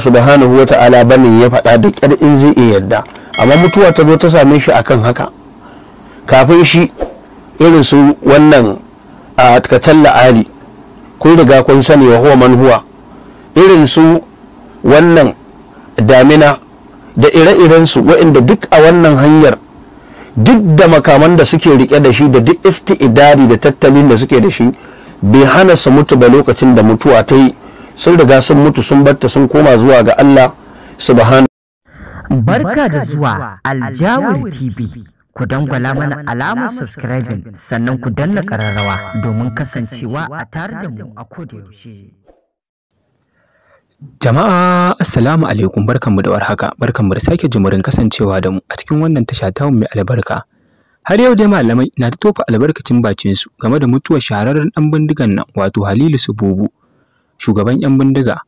subhanahu wa ta'ala bane ya faɗa da ƙyar in zai iya yadda amma mutuwa ta zo ta same shi akan haka kafin shi irin su wannan a katal la'ali kun riga kun sani wa huwa man huwa irin su wannan damina da ire-iren su waɗanda duk a wannan hanyar duk da makaman da suke rike da shi da duk isti'idari da tattalin da suke da shi bai hana su mutu ba lokacin da mutuwa ta yi sun riga sun mutu sun batta sun koma zuwa ga Allah subhanahu barka da zuwa aljawul tv ku dangwala mana alamar subscribing sannan ku danna kararrawa domin kasancewa a tare da mu a yaushe. jama'a assalamu alaikum barkanmu da warhaka barkanmu da sake jimurin kasancewa da mu a cikin wannan tasha ta mai albarka Har yau dai malamai na ta tofa albarkacin bakinsu game da mutuwar shahararren ɗan bindigan nan wato Halilu Sububu shugaban 'yan bindiga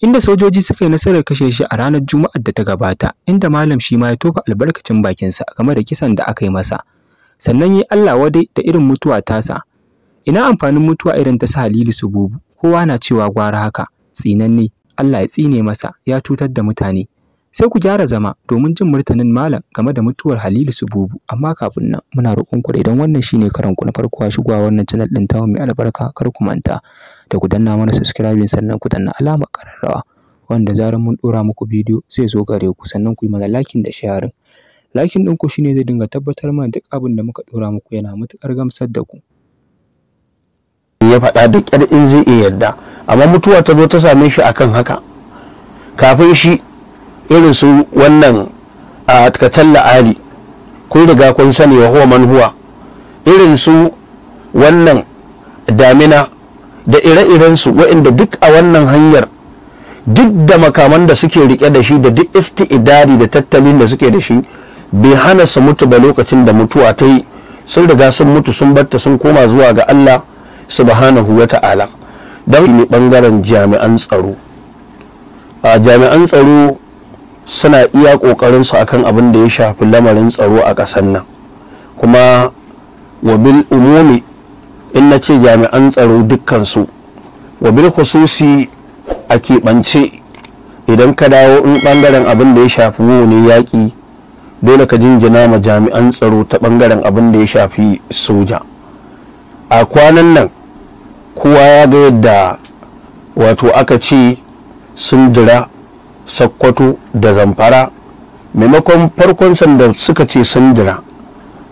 inda sojoji suka yi nasarar kashe shi a ranar Juma'ar da ta gabata inda malam shi ma ya tofa albarkacin bakinsa game da kisan da aka yi masa sannan yi Allah wadai da irin mutuwa tasa ina amfanin mutuwa irin ta sa Halilu bubu? kowa na cewa gwara haka tsinanne Allah ya tsine masa ya cutar da mutane sai ku gyara zama domin jin martanin malam game da mutuwar Halilu Sububu amma kafin nan muna roƙon ku idan wannan shine karan ku na farko a shigowa wannan channel din tawo mai albarka kar ku manta da ku danna mana subscribe sannan ku danna alamar ƙararrawa wanda zarar mun dora muku bidiyo zai zo gare ku sannan ku yi mana liking da sharing liking ku shine zai dinga tabbatar mana duk abin da muka dora muku yana matuƙar gamsar da ku ya faɗa da ƙyar in zai iya yarda amma mutuwa ta zo ta same shi akan haka kafin shi irin su wannan a katalla ali kun riga kun sani wa huwa man huwa irin su wannan damina da ire-irensu waɗanda duk a wannan hanyar duk da makaman da suke rike da shi da duk isti'idari da tattalin da suke da shi bai hana su mutu ba lokacin da mutuwa ta yi sun riga sun mutu sun batta sun koma zuwa ga Allah subhanahu wa ta'ala don ne bangaren jami'an tsaro a jami'an tsaro suna iya ƙoƙarinsu akan abin da ya shafi lamarin tsaro a ƙasar nan kuma wabil umumi in na ce jami'an tsaro dukkansu wabil khususi a keɓance idan ka dawo in bangaren abin da ya shafi ne yaƙi dole ka jinjina ma jami'an tsaro ta ɓangaren abin da ya shafi soja a kwanan nan kowa ya ga yadda wato aka ce sun jira sakkwato da zamfara maimakon farkon sanda suka ce sandira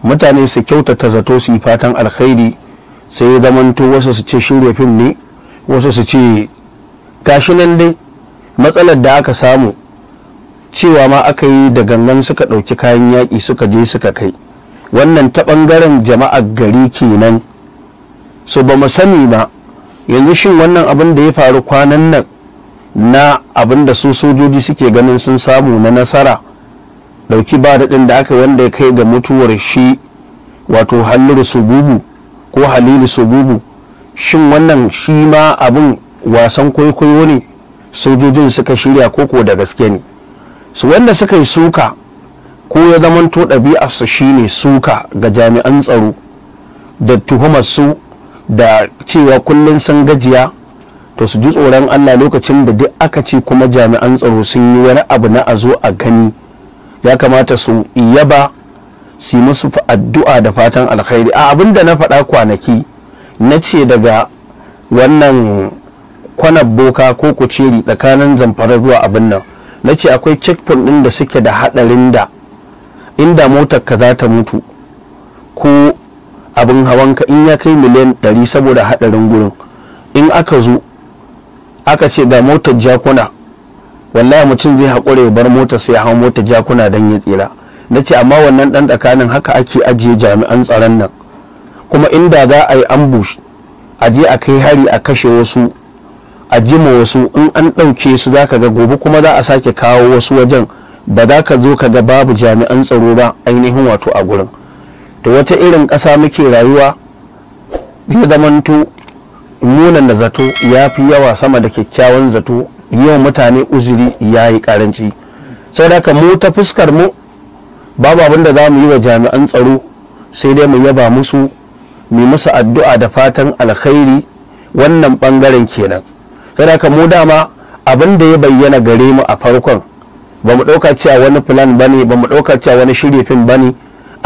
mutane su kyautata zato su yi fatan alkhairi sai ya zamanto wasu su ce shirya fim ne wasu su ce gashi nan dai matsalar da aka samu cewa ma aka yi da gangan suka ɗauki kayan yaki suka je suka kai wannan ta ɓangaren jama'a gari kenan su ba mu sani ba yanzu shin wannan abin da ya faru kwanan nan na abinda su sojoji suke ganin sun samu na nasara dauki ba daɗin da aka wanda ya kai ga mutuwar shi wato halilu sububu ko halilu sububu shin wannan shi ma abin wasan kwaikwayo ne sojojin suka shirya ko da gaske ne su wanda suka yi suka ko ya zamanto su shine suka ga jami'an tsaro da tuhumar su da cewa kullum sun gajiya to su ji tsoron Allah lokacin da duk aka ce kuma jami'an tsaro sun yi wani abu na a zo a gani ya kamata su yaba su musu addu'a da fatan alkhairi a abin da na faɗa kwanaki na ce daga wannan kwanar boka ko kuceri tsakanin zamfara zuwa abin nan na ce akwai checkpoint ɗin da suke da haɗarin da inda motar ka za ta mutu ko abin hawanka in ya kai miliyan 100 saboda haɗarin gurin in aka zo aka ce ga motar jakuna wallahi mutum zai haƙura ya bar motar sai ya hau motar jakuna don ya tsira na ce amma wannan ɗan tsakanin haka ake ajiye jami'an tsaron nan kuma inda za a yi ambush a je a kai hari a kashe wasu a jima wasu in an ɗauke su za ka ga gobe kuma za a sake kawo wasu wajen ba za ka zo ka ga babu jami'an tsaro ba ainihin wato a gurin to wata irin ƙasa muke rayuwa ya zamanto nunan da zato ya fi yawa sama da kyakkyawan zato yawan mutane uzuri ya yi karanci sai da mu ta fuskar mu babu abin da za mu yi wa jami'an tsaro sai dai mu yaba musu mu musu addu'a da fatan alkhairi wannan bangaren kenan sai da mu dama abin da ya bayyana gare mu a farkon ba mu ɗauka cewa wani plan bane ba mu ɗauka cewa wani shirye fim bane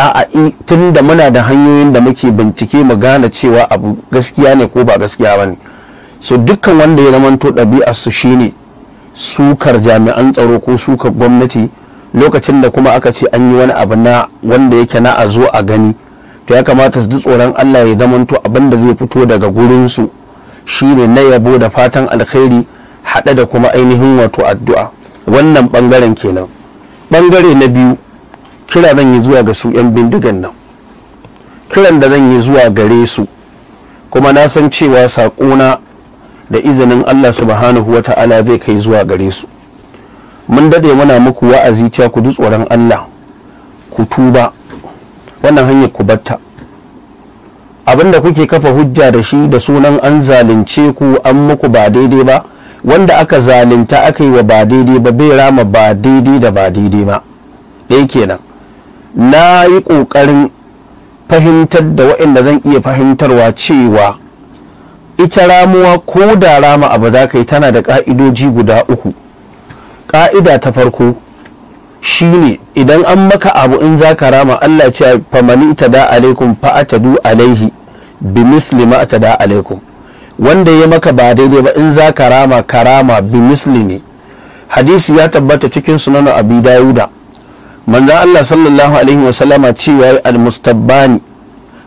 a'a tun da muna da hanyoyin da muke bincike mu gane cewa abu gaskiya ne ko ba gaskiya ba ne so dukkan wanda ya zamanto ɗabi'a su shine sukar jami'an tsaro ko sukar gwamnati lokacin da kuma aka ce an yi wani abu na wanda yake na a zo a gani to ya kamata su ji tsoron Allah ya zamanto abin da zai fito daga gurinsu shine na yabo da fatan alkhairi haɗe da kuma ainihin wato addu'a wannan bangaren kenan bangare na biyu kira zan yi zuwa ga su 'yan bindigan nan kiran da zan yi zuwa gare su kuma na san cewa na da izinin allah subhanahu wa ta'ala zai kai zuwa gare su mun dade muna muku wa'azi cewa ku ji tsoron allah ku tuba wannan hanyar ku batta abinda kuke kafa hujja da shi da sunan an zalunce ku an muku ba daidai ba wanda aka zalunta aka yi wa ba daidai ba bai rama ba daidai da ba daidai ba ɗaya kenan na yi ƙoƙarin fahimtar da waɗanda zan iya fahimtarwa cewa ita ramuwa ko da rama abu za ka yi tana da ƙa'idoji guda uku ƙa'ida ta farko shi ne, idan an maka abu in za ka rama Allah ce famani ta da alaikum du alaihi bi misli ma ta da alaikum wanda ya maka ba daidai ba in za ka rama karama bi misli ne hadisi ya tabbata cikin sunan abi dawuda manzan Allah sallallahu alaihi wasallama cewa almustabbani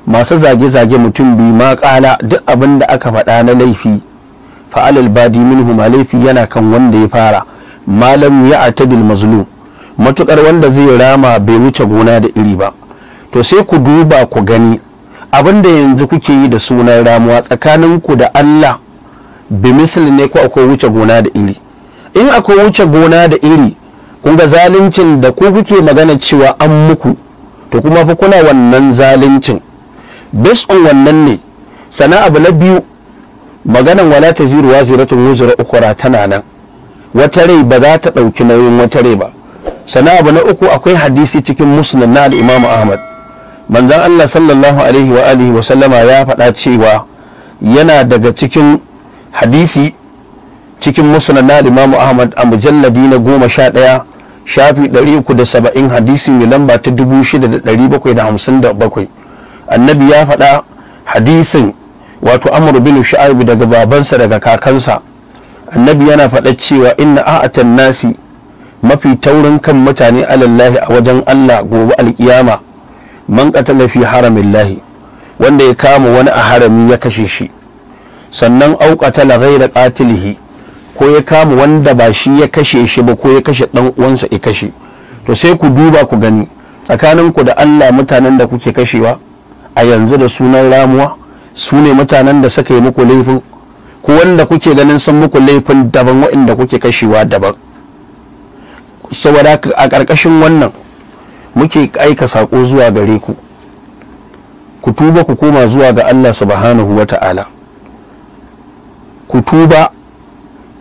masu zage-zage mutum biyu ma duk abin da aka faɗa na laifi fa'alal badi minhu ma laifi yana kan wanda ya fara malam ya atadil mazlum matukar wanda zai rama bai wuce gona da iri ba to sai ku duba ku gani abin da yanzu kuke yi da sunan ramuwa tsakanin ku da Allah bi misali ne ko akwai wuce gona da iri in akwai wuce gona da iri kun ga zaluncin da ku kuke magana cewa an muku to kuma fa kuna wannan zaluncin based on wannan ne sana abu na biyu maganan wala ta ziru wa ziratun wuzura ukura tana nan wata rai ba za ta ɗauki nauyin wata rai ba sana abu na uku akwai hadisi cikin muslim na al'imamu ahmad manzon allah sallallahu alaihi wa alihi wa sallama ya faɗa cewa yana daga cikin hadisi cikin musnad na imamu ahmad a mujalladi na goma sha ɗaya shafi 370 hadisi mai lamba ta 6757 annabi ya faɗa hadisin wato amru bin sha'ib daga babansa daga kakansa annabi yana faɗa cewa inna a'atan nasi mafi taurin kan mutane alallahi a wajen Allah gobe alkiyama man qatala haramin lahi, wanda ya kama wani a harami ya kashe shi sannan auqatala da qatilihi ko ya kama wanda ba shi ya kashe shi ba ko ya kashe dan uwansa ya kashe to sai ku duba ku gani tsakanin ku da Allah mutanen da kuke kashewa a yanzu da sunan ramuwa su ne mutanen da suka yi muku laifin ku wanda kuke ganin sun muku laifin daban waɗanda kuke kashewa daban saboda a ƙarƙashin wannan muke aika saƙo zuwa gare ku ku tuba ku koma zuwa ga Allah subhanahu wa ta'ala ku tuba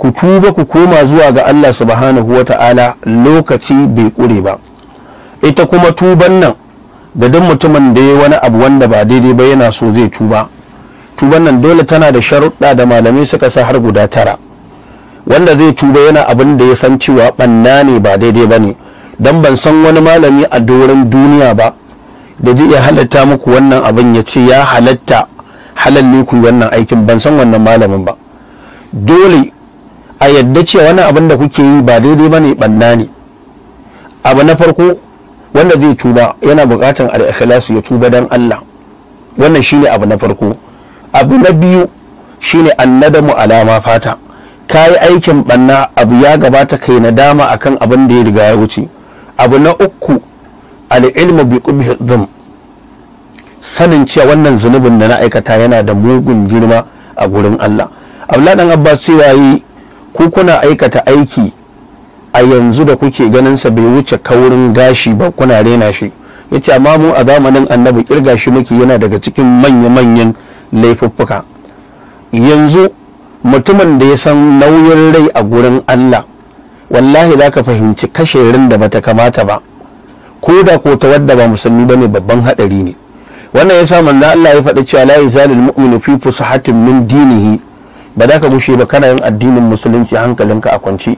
ku tuba ku koma zuwa ga Allah subhanahu wata'ala lokaci bai kure ba ita kuma tuban nan da duk mutumin da ya wani abu wanda ba daidai ba yana so zai tuba tuban nan dole tana da sharuɗa da malamai suka sa har guda tara wanda zai tuba yana abin da ya san cewa banna ne ba daidai ba ne don ban san wani malami a doron duniya ba da zai iya halatta muku wannan abin ya ce ya halatta halalli ku wannan aikin ban san wannan malamin ba dole a yadda cewa wani abin da kuke yi ba daidai ba ne banna ne abu na farko wanda zai tuba yana buƙatar al ya tuba dan Allah wannan shine abu na farko abu na biyu shine annadamu alama fata kayi aikin banna abu ya gabata kai na nadama akan abin da ya riga ya wuce abu na uku al-ilmu bi qubhi sanin cewa wannan zunubin da na aikata yana da mugun girma a gurin Allah Abdullahi dan Abbas cewa yi ku kuna aikata aiki a yanzu da kuke ganin sa bai wuce kaurin gashi ba kuna rena shi yace amma mu a zamanin annabi kirga shi muke yana daga cikin manya-manyan laifuffuka yanzu mutumin da ya san nauyin rai a gurin Allah wallahi zaka fahimci kashe rin da bata kamata ba ko da ko ta wadda ba musulmi bane babban hadari ne wannan yasa manzo Allah ya faɗi cewa la yazalul mu'minu fi fusahatin min dinihi ba za ka gushe ba kana yin addinin musulunci hankalinka a kwance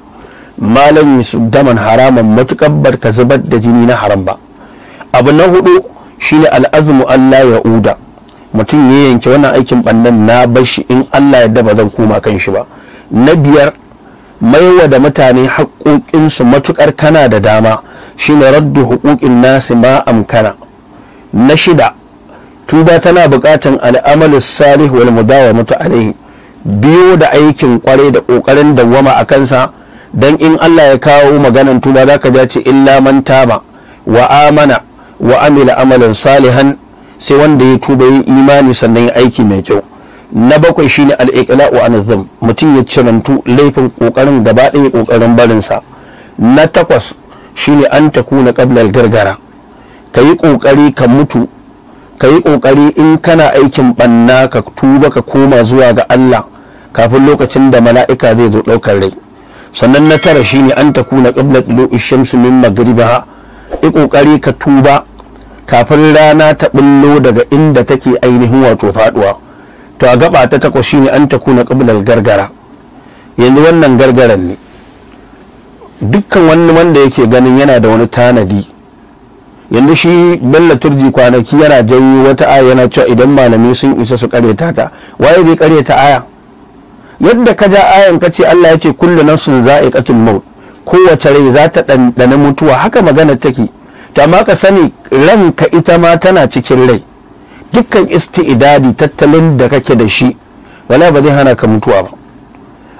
malam su daman haraman matukar barka zubar da jini na haram ba abu na hudu shine al'azmu Allah ya uda mutum ya yanke wannan aikin bannan na bashi in Allah ya daba zan koma kan shi ba na biyar maiwa da mutane haƙoƙinsu matukar kana da dama shine raddu hukukin nasi ma amkana na shida tuba tana buƙatan al'amalu salih wal mudawamatu alaihi biyo da aikin kware da kokarin dawwama a kansa dan in Allah ya kawo maganan tuba za ka ce illa man taba wa amana wa amila amalan salihan sai wanda ya tuba yi imani sannan aiki mai kyau na bakwai shine al-iqla wa anzam mutum ya cirantu laifin kokarin gaba ɗaya kokarin barin sa na takwas shine an takuna qabla al-gargara kayi kokari ka mutu kayi kokari in kana aikin banna ka tuba ka koma zuwa ga Allah kafin lokacin da mala'ika zai zo ɗaukar rai sannan na tara shine an ta kuna ƙiblat lo'in shamsu min magriba i ƙoƙari ka tuba kafin rana ta ɓullo daga inda take ainihin wato faɗuwa to a gaba ta takwas shine an ta kuna ƙabla gargara yanzu wannan gargaran ne dukkan wani wanda yake ganin yana da wani tanadi yanzu shi bello turji kwanaki yana janyo wata aya yana cewa idan malamai sun isa su karyata ta waye zai karyata aya yadda ka ja ayan ka ce Allah ya ce kullu nafsin za'iqatul maut kowace rai za ta ɗanɗana mutuwa haka magana take to amma ka sani ranka ita ma tana cikin rai dukkan isti'dadi tattalin da kake da shi wala ba zai hana ka mutuwa ba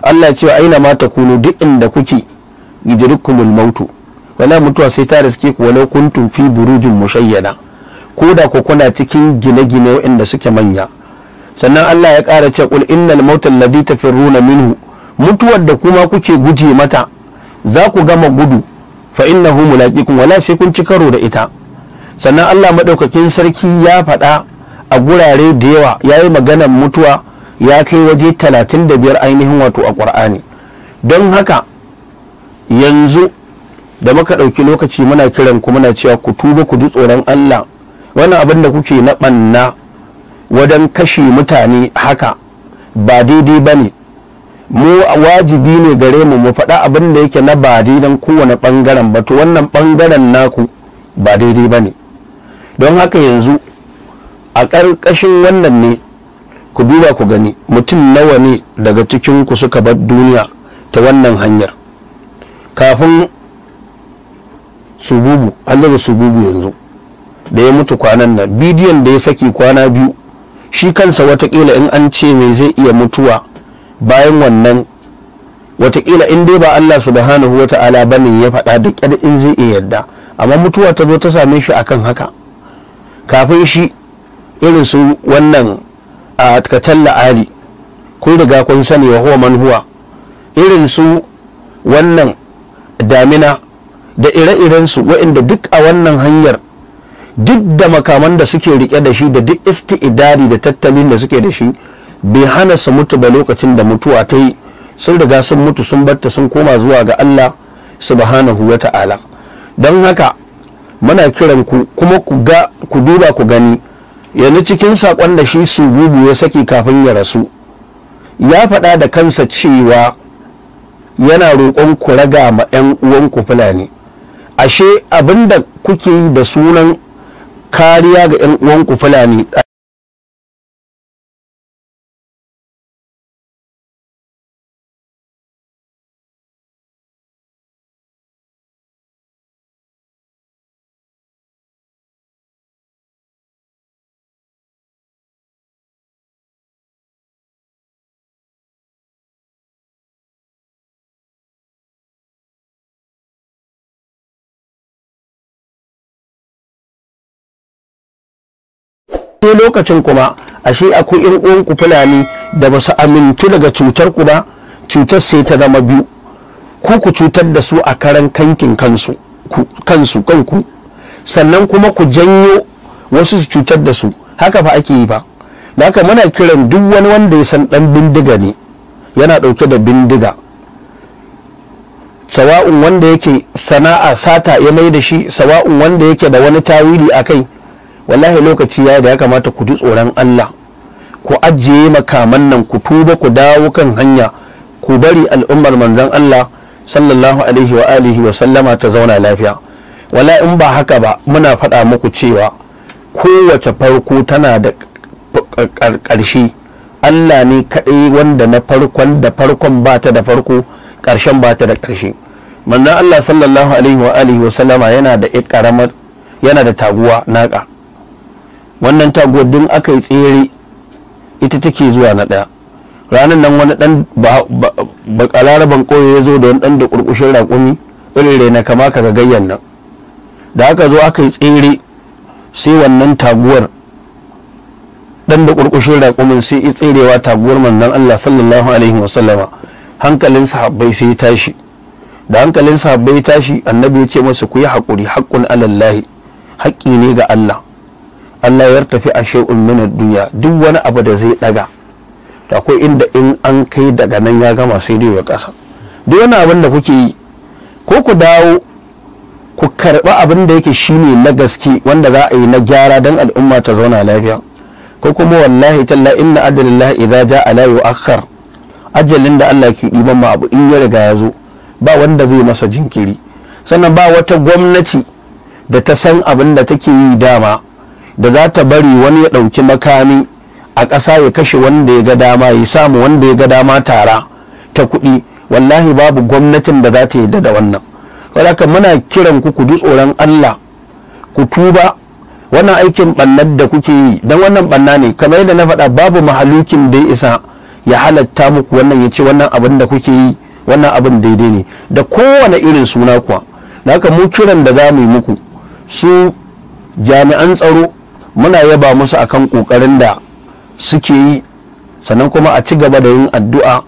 Allah ya ce aina ma takunu duk inda kuke yudrikumul mautu wala mutuwa sai ta riske ku walau kuntum fi burujin mushayyada ko da ku kuna cikin gine-gine waɗanda suke manya sannan Allah ya ƙara ce ƙul innal mauta ladhi tafirruna minhu mutuwar da kuma kuke guje mata za ku gama gudu fa innahu mulaqikum wala sai kun ci karo da ita sannan Allah madaukakin sarki ya faɗa a gurare da yawa yayi maganar mutuwa ya kai waje 35 ainihin wato a Qur'ani don haka yanzu da muka ɗauki lokaci muna kiran ku muna cewa ku tuba ku ji tsoron Allah wannan abin da kuke na ɓanna wajen kashe mutane haka ba daidai ba ne mu wajibi ne gare mu mu faɗa abin da yake na ba daidan kowane ɓangaren ba to wannan ɓangaren naku ba daidai ba ne don haka yanzu a ƙarƙashin wannan ne ku duba ku gani mutum nawa ne daga cikin ku suka bar duniya ta wannan hanyar kafin sububu su sububu yanzu da ya mutu kwanan nan bidiyon da ya saki kwana biyu shi kansa watakila in an ce mai zai iya mutuwa bayan wannan watakila in dai ba Allah subhanahu wa ta'ala bane ya faɗa da ƙyar in zai iya yadda amma mutuwa ta zo ta same shi akan haka kafin shi irin su wannan a katalla ali kun riga kun sani wa huwa man huwa irin su wannan damina da ire-irensu waɗanda duk a wannan hanyar duk da makaman da suke rike da shi da duk isti'idari da tattalin da suke da shi bai hana su mutu ba lokacin da mutuwa ta yi sun riga sun mutu sun batta sun koma zuwa ga Allah subhanahu wa ta'ala don haka muna kiran ku kuma ku ga ku duba ku gani yanzu cikin saƙon da shi su sububu ya saki kafin ya rasu ya faɗa da kansa cewa yana roƙon ku raga ma 'yan uwanku fulani ashe abinda kuke yi da sunan kariya ga 'yan uwanku Fulani sai lokacin kuma ashe akwai 'yan uwan ku fulani da ba su amintu daga cutar ku ba cutar sai ta zama biyu ku ku cutar da su a karan kankin kansu kansu kanku sannan kuma ku janyo wasu su cutar da su haka fa ake yi ba da haka muna kiran duk wani wanda ya san dan bindiga ne yana dauke da bindiga sawa'un wanda yake sana'a sata ya mai da shi sawa'un wanda yake da wani tawili a kai wallahi lokaci ya da ya kamata ku ji tsoron Allah ku ajiye makaman nan ku tuba ku dawo kan hanya ku bari al'ummar manzon Allah sallallahu alaihi wa alihi wa sallama ta zauna lafiya wala in ba haka ba muna faɗa muku cewa kowace farko tana da ƙarshe Allah ne kaɗai wanda na farkon da farkon ba ta da farko ƙarshen ba ta da ƙarshe manzon Allah sallallahu alaihi wa alihi wa sallama yana da yana da taguwa naƙa wannan taguwar din aka yi tsere ita take zuwa na ɗaya ranar nan wani ɗan bakalaraban ƙoyo ya zo da wani ɗan da ƙurƙushin raƙumi irin raina kama ka gayyan nan da aka zo aka yi tsere sai wannan taguwar ɗan da ƙurƙushin raƙumin sai i tserewa taguwar mannan Allah sallallahu alaihi wasallama hankalin sahabbai sai ya tashi da hankalin sahabbai ya tashi annabi ya ce masa ku yi haƙuri haƙƙun alallahi haƙƙi ne ga Allah Allah ya tafi a shi'un minar duniya duk wani abu da zai daga to akwai inda in an kai daga nan ya gama sai dai ya kasa duk wani abin da kuke yi ko ku dawo ku karba abin da yake shine na gaske wanda za a yi na gyara don al'umma ta zauna lafiya ko kuma wallahi talla inna ajalillah ja a la yu'akhkhar ajalin da Allah ke diban ma abu in ya riga ya zo ba wanda zai masa jinkiri sannan ba wata gwamnati da ta san abin da take yi dama da za ta bari wani ya ɗauki makami a ƙasa ya kashe wanda ya ga dama ya samu wanda ya ga dama tara ta kuɗi wallahi babu gwamnatin da za ta yadda da wannan wadaka muna kiran ku ku ji tsoron Allah ku tuba wannan aikin ɓannar da kuke yi don wannan ɓanna ne kamar yadda na faɗa babu mahalukin da ya isa ya halatta muku wannan ya ce wannan abin da kuke yi wannan abin daidai ne da kowane irin suna kuwa da haka mu kiran da za mu yi muku su jami'an tsaro muna yaba musu akan kokarin da suke yi sannan kuma a ci gaba da yin addu'a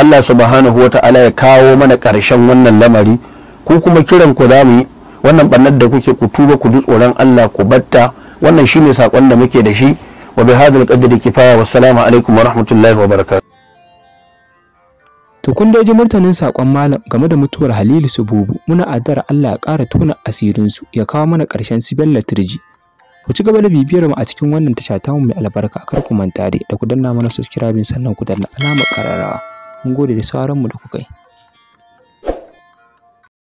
Allah subhanahu wata'ala ya kawo mana ƙarshen wannan lamari ku kuma kiran ku zamu wannan bannar da kuke ku tuba ku ji tsoron Allah ku batta wannan shine sakon da muke da shi wa bi hadal qadri kifaya wassalamu alaikum wa rahmatullahi wa barakatuh To kun ji martanin sakon malam game da mutuwar Halilu Sububu muna adar Allah ya ƙara tona asirinsu ya kawo mana ƙarshen su Turji. Ku ci gaba da bibiyar mu a cikin wannan tasha ta mu mai albarka kar ku manta da ku danna mana subscribe sannan ku danna alamar ƙararrawa. Mun gode da sauraron mu da kuka yi.